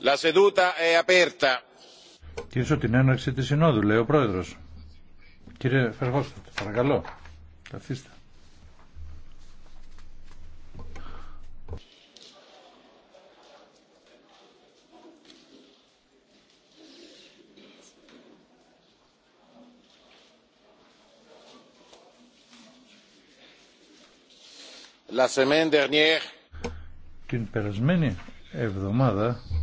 La seduta è την έναρξη τη Συνόδου, λέει ο πρόεδρο. Κύριε παρακαλώ, καθίστε. La semaine dernière. Την περασμένη εβδομάδα